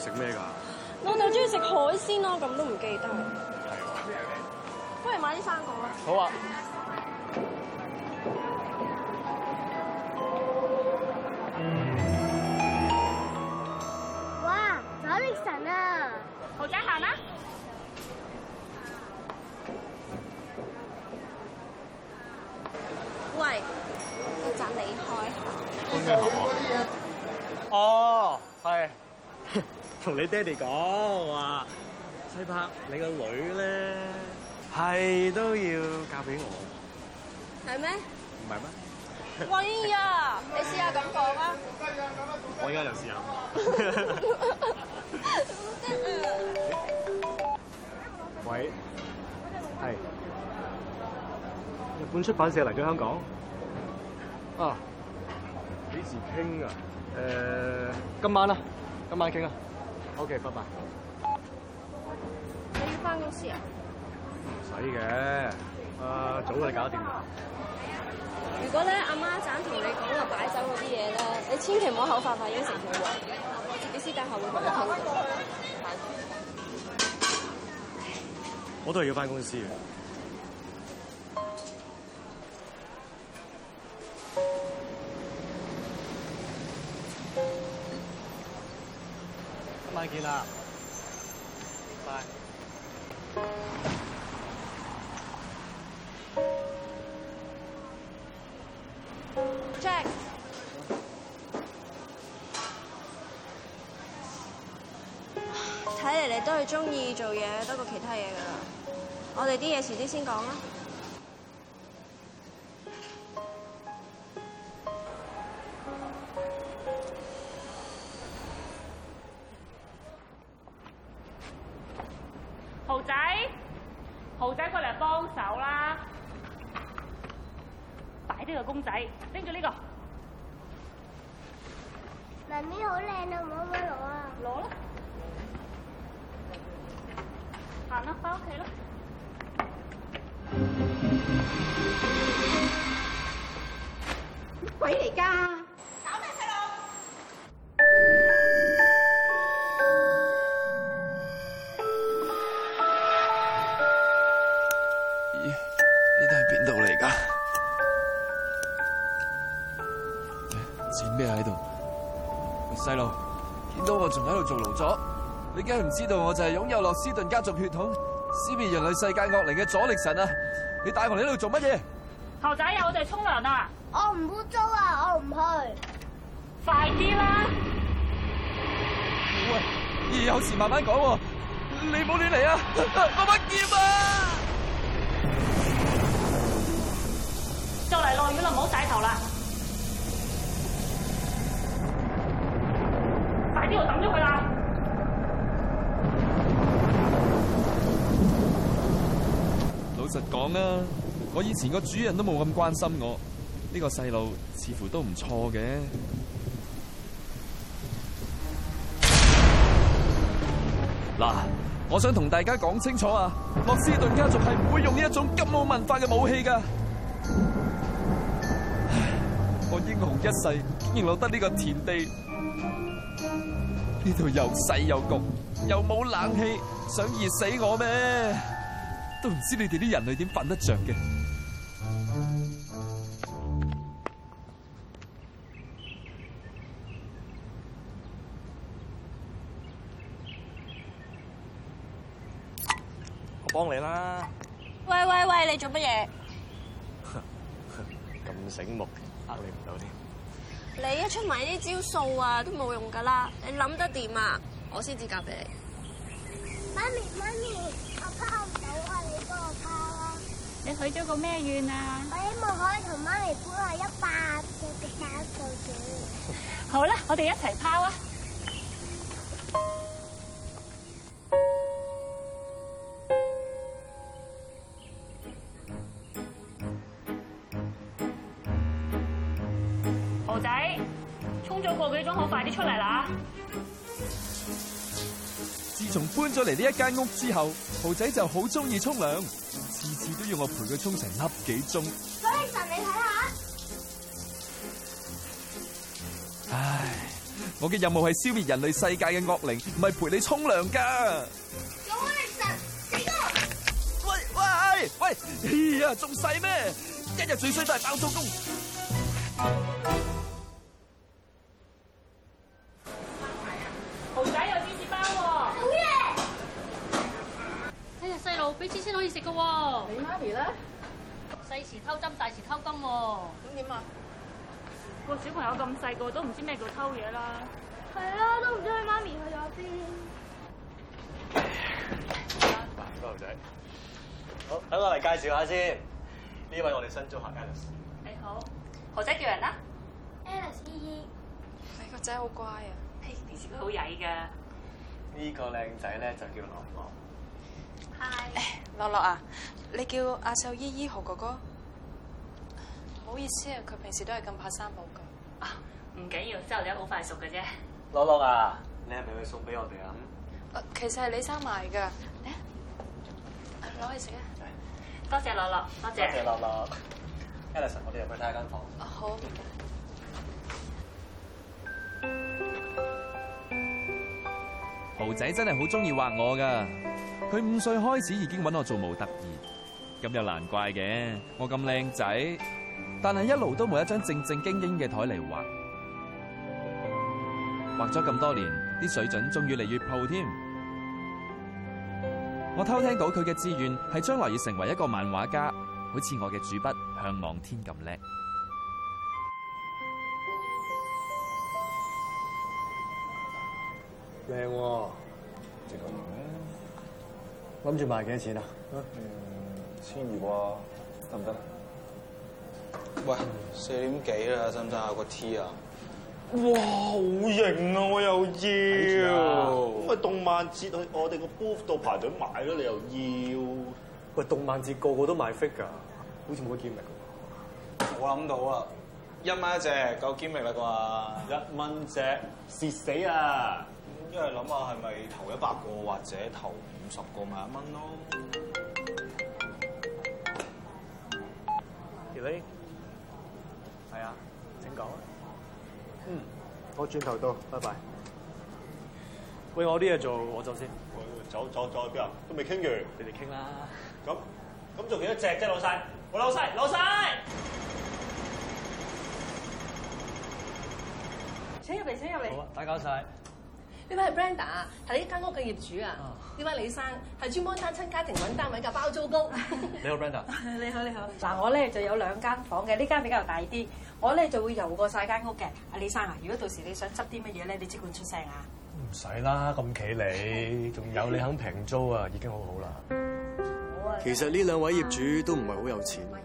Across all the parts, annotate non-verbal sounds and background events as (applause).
食咩噶？我就中意食海鮮咯，咁都唔記得。係不如買啲生果啦。好啊。哇！佐力神啊，好震撼啦！喂，我摘你開下。開下啊！哦，係。同你爹哋講話，西柏，你個女咧係都要嫁俾我，係咩？唔係咩？喂啊你試下咁講啊！我而家就試下。 (laughs) (laughs) 喂，係日本出版社嚟咗香港啊？幾時傾啊？誒、呃，今晚啦、啊，今晚傾啊！O K，拜拜。你要翻公司啊？唔使嘅，啊，早就搞掂。如果咧阿媽贊同你講嘅擺酒嗰啲嘢咧，你千祈唔好口發發，應承佢我自己私底下會同我好，我都係要翻公司嘅。拜拜。Jack。睇嚟你都係中意做嘢多過其他嘢㗎啦，我哋啲嘢遲啲先講啦。豪仔過嚟幫，佢嚟幫手啦，擺低個公仔，拎住呢個。媽咪好靚啊，唔好攞啊。攞啦，行啦翻屋企啦。乜鬼嚟噶！做奴咗，你梗係唔知道我就係擁有諾斯頓家族血統，撕滅人類世界惡靈嘅佐力神啊！你帶我嚟呢度做乜嘢？猴仔啊，我哋沖涼啊！我唔污糟啊，我唔去。快啲啦！喂，有事慢慢講，你唔好亂嚟啊！我乜嘢啊？就嚟落雨啦，唔好洗頭啦！呢度抌咗佢啦！老實講啊，我以前個主人都冇咁關心我，呢、這個細路似乎都唔錯嘅。嗱、啊，我想同大家講清楚啊，莫斯頓家族係唔會用呢一種咁冇文化嘅武器噶。唉，我英雄一世，竟然落得呢個田地。呢度又細又焗，又冇冷氣，想熱死我咩？都唔知你哋啲人類點瞓得着嘅？我幫你啦！喂喂喂，你做乜嘢？咁醒目，呃你唔到添。你一出埋啲招數啊，都冇用噶啦！你諗得掂啊？我先至嫁俾你。媽咪，媽咪，我拋唔到啊，你幫我拋啊！你許咗個咩願啊？我希望可以同媽咪搬下一百隻嘅三歲仔。好啦，我哋一齊拋啊！一間屋之後，豪仔就好中意沖涼，次次都要我陪佢沖成粒幾鐘。早晨，你睇下。唉，我嘅任務係消滅人類世界嘅惡靈，唔係陪你沖涼噶。早晨，幾多？喂喂喂！哎呀，仲細咩？一日最衰都係包租公。小朋友咁細個都唔知咩叫偷嘢啦，係啊，啊，都唔知佢媽咪去咗邊。好，等我嚟介紹下先，呢位我哋新租客 Alice。你好，豪仔叫人啦，Alice 姨姨。你個仔好乖啊，平時都好曳㗎。呢、呢個靚仔咧就叫樂樂。Hi，樂，樂啊，你叫阿秀姨姨豪哥哥？唔好意思啊，佢平時都係咁怕生報㗎。唔緊要，之後你好快熟嘅啫。樂樂啊，你係咪會送俾我哋啊、嗯？其實係你收埋㗎，攞去食啊！多謝樂樂，多謝。多謝樂樂，Alex，我哋入去睇下間房。好。豪仔真係好中意畫我㗎，佢五歲開始已經揾我做模特兒，咁又難怪嘅。我咁靚仔，但係一路都冇一張正正經經嘅枱嚟畫。畫咗咁多年，啲水準仲越嚟越鋪添。我偷聽到佢嘅志願係將來要成為一個漫畫家，好似我嘅主筆向望天咁叻、啊嗯。靚，諗住賣幾多錢啊？嗯、千二啩、啊，得唔得？喂，四點幾啦，使唔使有個 T 啊？哇，好型啊！我又要，咁咪動漫節去我哋個鋪度排隊買咯，你又要？喂，動漫節個個都買 figure 噶，好似冇堅力。我諗到啊，一蚊一隻夠堅力啦啩？一蚊隻蝕死啊！因為諗下係咪頭一百個或者頭五十個咪一蚊咯？條女，係啊，請講。我轉頭到，拜拜。喂，我啲嘢做，我走先。走走走去邊啊？都未傾完，你哋傾啦。咁咁仲幾多隻啫，老細？我老細，老細。請入嚟，請入嚟。好啊，打擾晒。呢位係 Brenda 係呢間屋嘅業主啊。呢位李生係專幫單親家庭揾單位嘅包租公。 (laughs) 你好 (laughs) Brenda 你好，你好。嗱，我咧就有兩間房嘅，呢間比較大啲。我咧就會游過晒間屋嘅。阿李生啊，如果到時你想執啲乜嘢咧，你即管出聲啊。唔使啦，咁企理，仲有你肯平租啊，已經很好好啦。其實呢兩位業主都唔係好有錢，啊、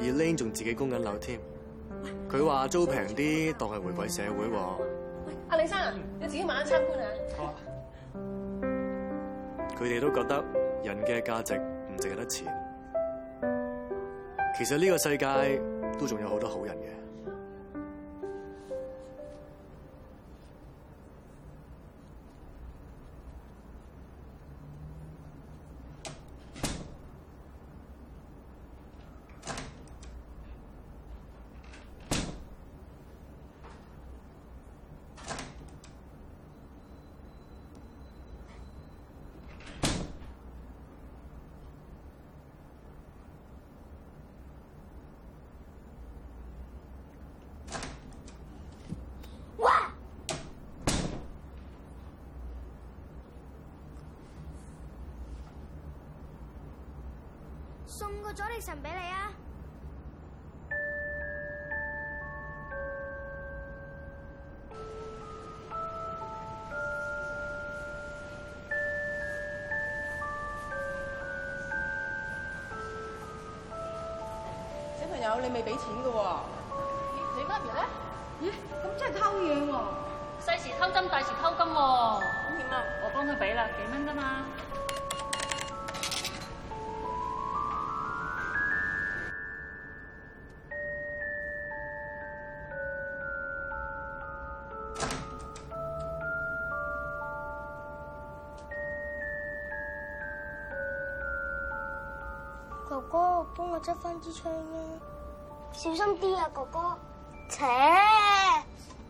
而 Lane 仲自己供緊樓添。佢、啊、話租平啲、啊，當係回饋社會喎。嗯嗯阿李生啊，你自己慢慢參觀啊。好。佢哋都覺得人嘅價值唔值得錢，其實呢個世界都仲有好多好人嘅。送個佐力神俾你啊！哥，幫我執翻支槍啊，小心啲啊，哥哥。扯，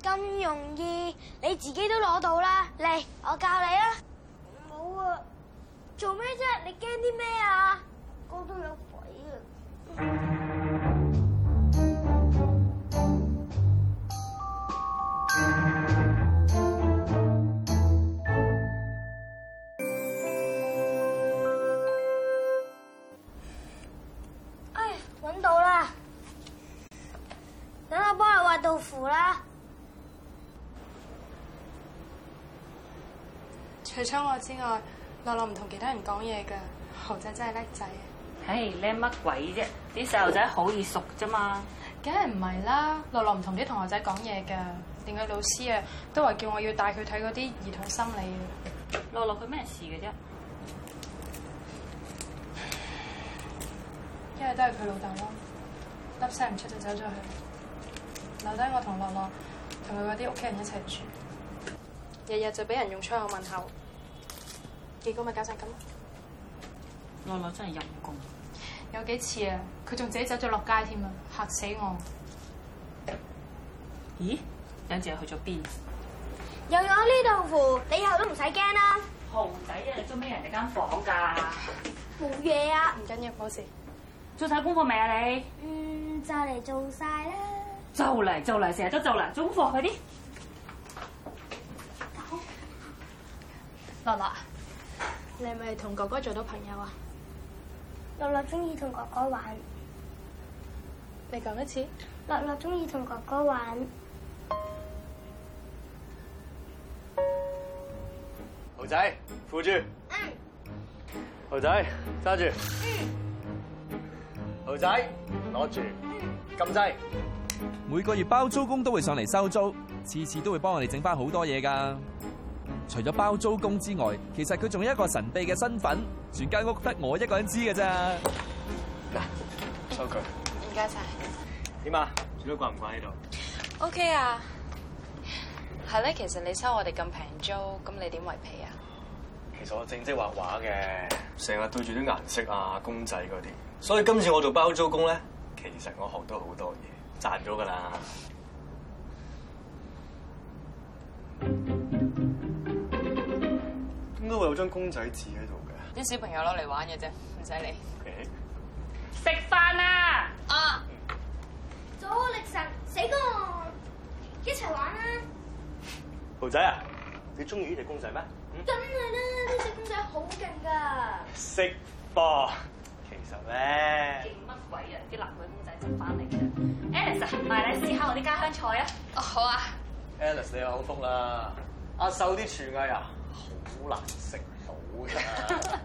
咁容易，你自己都攞到啦，嚟，我教你啊。唔好啊，做咩啫？你驚啲咩啊？哥都有。除咗我之外，樂樂唔同其他人講嘢噶，豪仔真係叻仔。唉，叻乜鬼啫？啲細路仔好易熟啫嘛。梗係唔係啦，樂樂唔同啲同學仔講嘢噶，連佢老師啊都話叫我要帶佢睇嗰啲兒童心理嘅。樂樂佢咩事嘅啫？因為都係佢老豆咯，粒聲唔出就走咗去了，留低我同樂樂同佢嗰啲屋企人一齊住，日日就俾人用粗口問候。結果咪搞成咁咯！樂樂真係陰功，有幾次啊，佢仲自己走咗落街添啊，吓死我！咦，欣姐去咗邊？有我呢度護，你以後都唔使驚啦。豪仔啊，你做咩人哋間房噶？冇嘢啊，唔緊要嗰時。做晒功課未啊你？嗯，就嚟做晒啦。就嚟就嚟，成日都做嚟，做功課快啲。樂樂。樂樂你係咪同哥哥做到朋友啊？樂樂中意同哥哥玩。你講一次。樂樂中意同哥哥玩。豪仔扶住。嗯、豪仔揸住。嗯。豪仔攞住。嗯。撳掣。每個月包租公都會上嚟收租，次次都會幫我哋整翻好多嘢噶。除咗包租公之外，其實佢仲有一個神秘嘅身份，全間屋得我一個人知嘅咋嗱，收據。唔該晒。點啊？住得慣唔慣喺度？O K 啊。係咧，其實你收我哋咁平租，咁你點維皮啊？其實我正職畫畫嘅，成日對住啲顏色啊，公仔嗰啲。所以今次我做包租公咧，其實我學到好多嘢，賺咗噶啦。有張公仔紙喺度嘅，啲小朋友攞嚟玩嘅啫，唔使理。食飯啦！啊，早安 Alex 死個，一齊玩啦！豪仔啊，你中意呢隻公仔咩？真係啦，呢隻公仔好勁噶。食噃，其實咧，勁乜鬼啊？啲男鬼公仔執翻嚟嘅。Alex，埋嚟試下我啲家鄉菜啊！哦，好啊。Alex，你有口福啦！阿秀啲廚藝啊？好難食到㗎。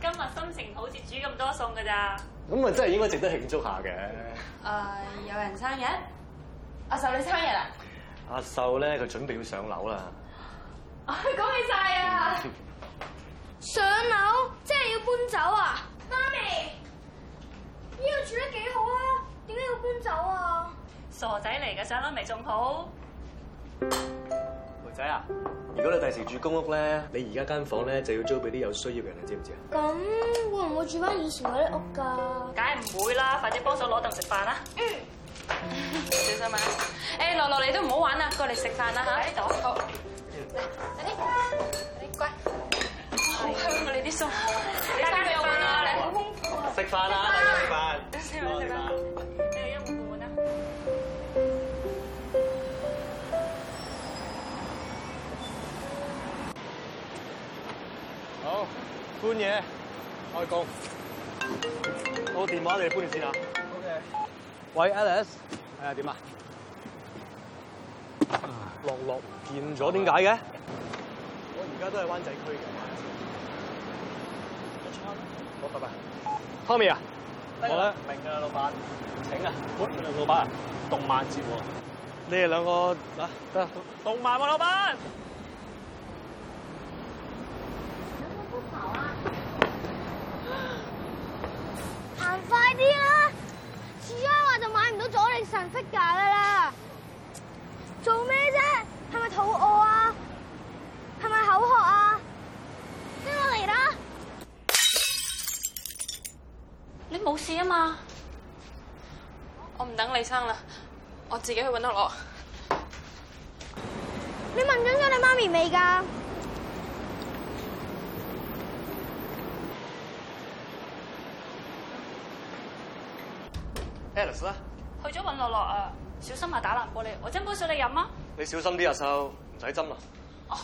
今日心情好，似煮咁多餸㗎咋？咁啊，真係應該值得慶祝一下嘅。誒，有人生日，阿秀你了生日啊？阿秀咧，佢準備要上樓啦。恭喜晒啊！上樓即係、就是、要搬走啊？媽咪，呢度住得幾好啊？點解要搬走啊？傻仔嚟嘅，上樓咪仲好？仔啊，如果你第時住公屋咧，你而家間房咧就要租俾啲有需要嘅人，你知唔知啊？咁會唔會住翻以前嗰啲屋噶？梗係唔會啦，快啲幫手攞凳食飯啦。嗯，小心啊！誒，樂樂嚟都唔好玩啦，過嚟食飯啦吓。哎，坐，好，嚟，快啲，快啲，乖，哎，好香我哋啲餸，大家有冇啊？嚟，食飯啦，食飯，食飯，食飯。搬嘢，開工。我電話你們搬線，okay. 啊。O K。喂，Alice。係啊，點啊？樂樂唔見咗，點解嘅？我而家都係灣仔區嘅。好，拜拜。Tommy 啊，我咧。我明啊，老闆，請啊。老闆，動漫節喎。你哋兩個，得得，動漫啊，老闆，啊。出界啦！做咩啫？係咪肚餓啊？係咪口渴啊？拎落嚟啦！你冇事啊嘛？我唔等你生啦，我自己去搵到我。你問清楚你媽咪未噶？誒，律師。去咗揾樂樂啊！小心埋、啊、打爛玻璃，我斟杯水你飲啊！你小心啲啊，阿秀，唔使斟啊！哦、oh.，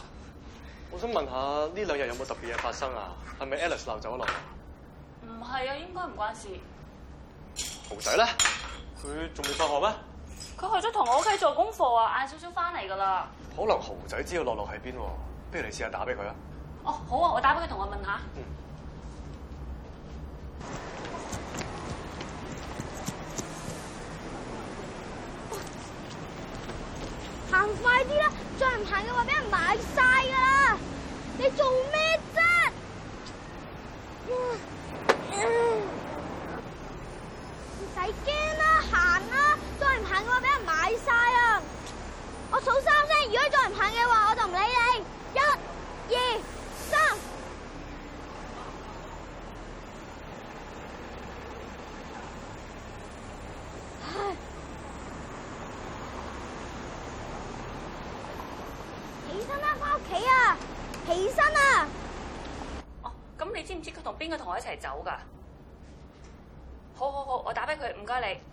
我想問下呢兩日有冇特別嘢發生啊？係咪 Alice 漏走咗落？唔係啊，應該唔關事。豪仔咧，佢仲未返學咩？佢去咗同我屋企做功課啊，晏少少翻嚟噶啦。可能豪仔知道樂樂喺邊，不如你試下打俾佢啦。哦、oh,，好啊，我打俾佢同我問下。嗯、oh.。行快啲啦！再唔行嘅話，俾人買晒噶啦！你做咩啫？唔使驚啦，行啦！再唔行嘅話，俾人買晒啊！我數三聲，如果再唔行嘅話。同我一齊走，好好好，我打俾佢，唔該你。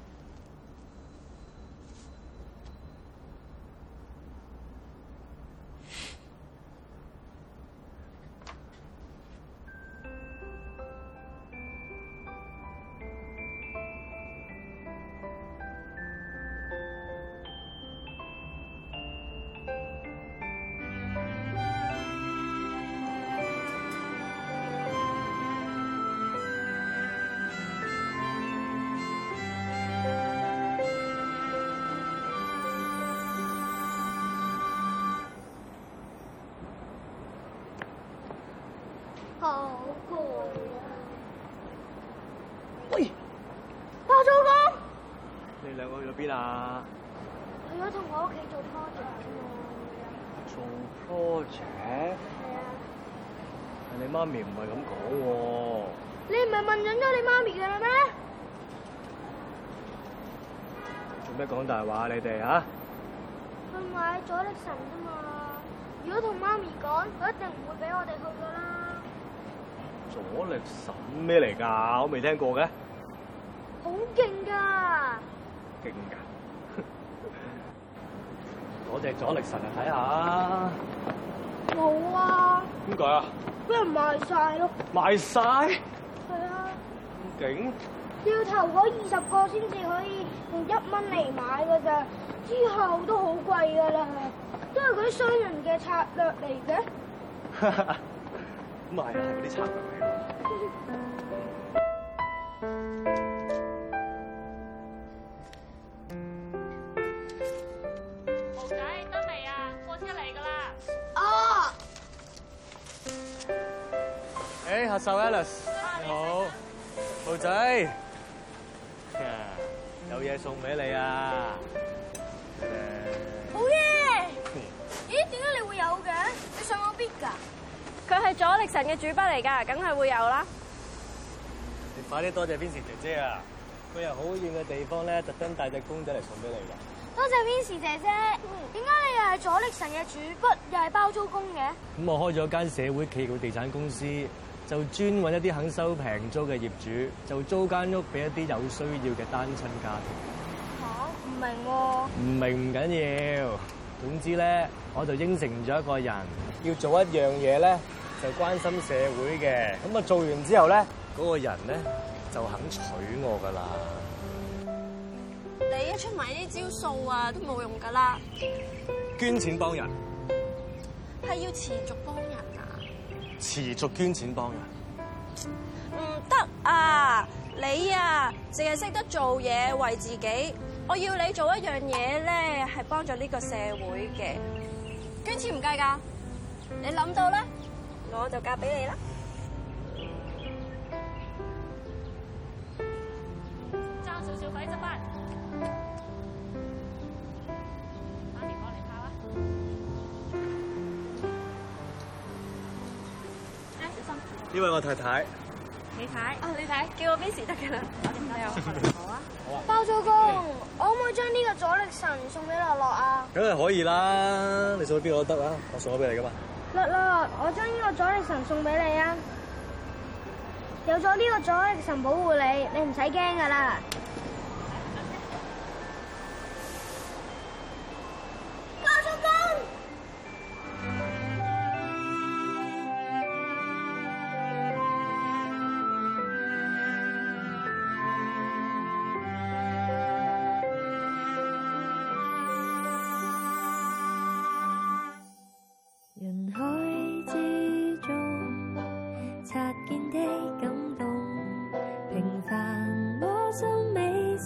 好、哦、攰啊！喂，包租公，你兩個去咗邊啊？去咗同我屋企做 project 啫、啊、做 project？係、嗯、啊。你媽咪唔係咁講喎。你唔係問准咗你媽咪噶啦咩？做咩講大話你哋吓？去買佐力神啫嘛。如果同媽咪講，佢一定唔會俾我哋去噶啦。佐力神咩嚟噶？我未聽過嘅。好勁噶，勁噶！攞隻佐力神嚟睇下。冇啊。點解啊？俾人賣晒咯。賣晒？係啊。咁勁？要頭嗰二十個先至可以用一蚊嚟買噶咋，之後都好貴噶啦，都係佢啲商人嘅策略嚟嘅。咁啊，係啊，係啲策略。豪仔得未啊？貨車嚟噶啦！哦。誒、oh. hey，客手 Alice，oh. 你好你，豪仔，yeah, 有嘢送俾你啊！好耶！咦？點解你會有嘅？你上我邊噶？佢係佐力神嘅主筆嚟噶，梗係會有啦。快啲多謝 Vincy 姐姐啊！佢由好遠嘅地方咧，特登帶隻公仔嚟送俾你噶。多謝 Vincy 姐姐。點解你，你又係佐力神嘅主筆，又係包租公嘅？咁我開咗間社會企業地產公司，就專揾一啲肯收平租嘅業主，就租間屋俾一啲有需要嘅單親家庭。吓、啊？唔明、啊？唔明唔緊要，總之咧。我就應承咗一個人要做一樣嘢咧，就關心社會嘅。咁啊，做完之後咧，嗰、那個人咧就肯娶我噶啦。你一出埋啲招數啊，都冇用噶啦。捐錢幫人係要持續幫人啊！持續捐錢幫人唔得、嗯、啊！你啊，淨係識得做嘢為自己，我要你做一樣嘢咧，係幫咗呢個社會嘅。捐錢唔計噶，你諗到咧，我就嫁俾你啦！爭少少費心翻，媽咪我你拍啦，小心！呢位我太太，你睇，哦你睇，叫我 Miss 得噶啦，我哋都有合好啊。 (laughs) 包租公，我可唔可以將呢個佐力神送俾樂樂啊？梗係可以啦，你送俾邊個都得啊。我送咗俾你噶嘛。樂樂，我將呢個佐力神送俾你啊！有咗呢個佐力神保護你，你唔使驚噶啦。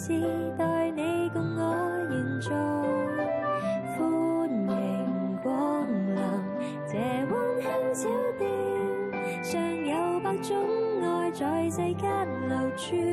只待你共我營造，歡迎光臨這温馨小店，尚有百種愛在世間流轉。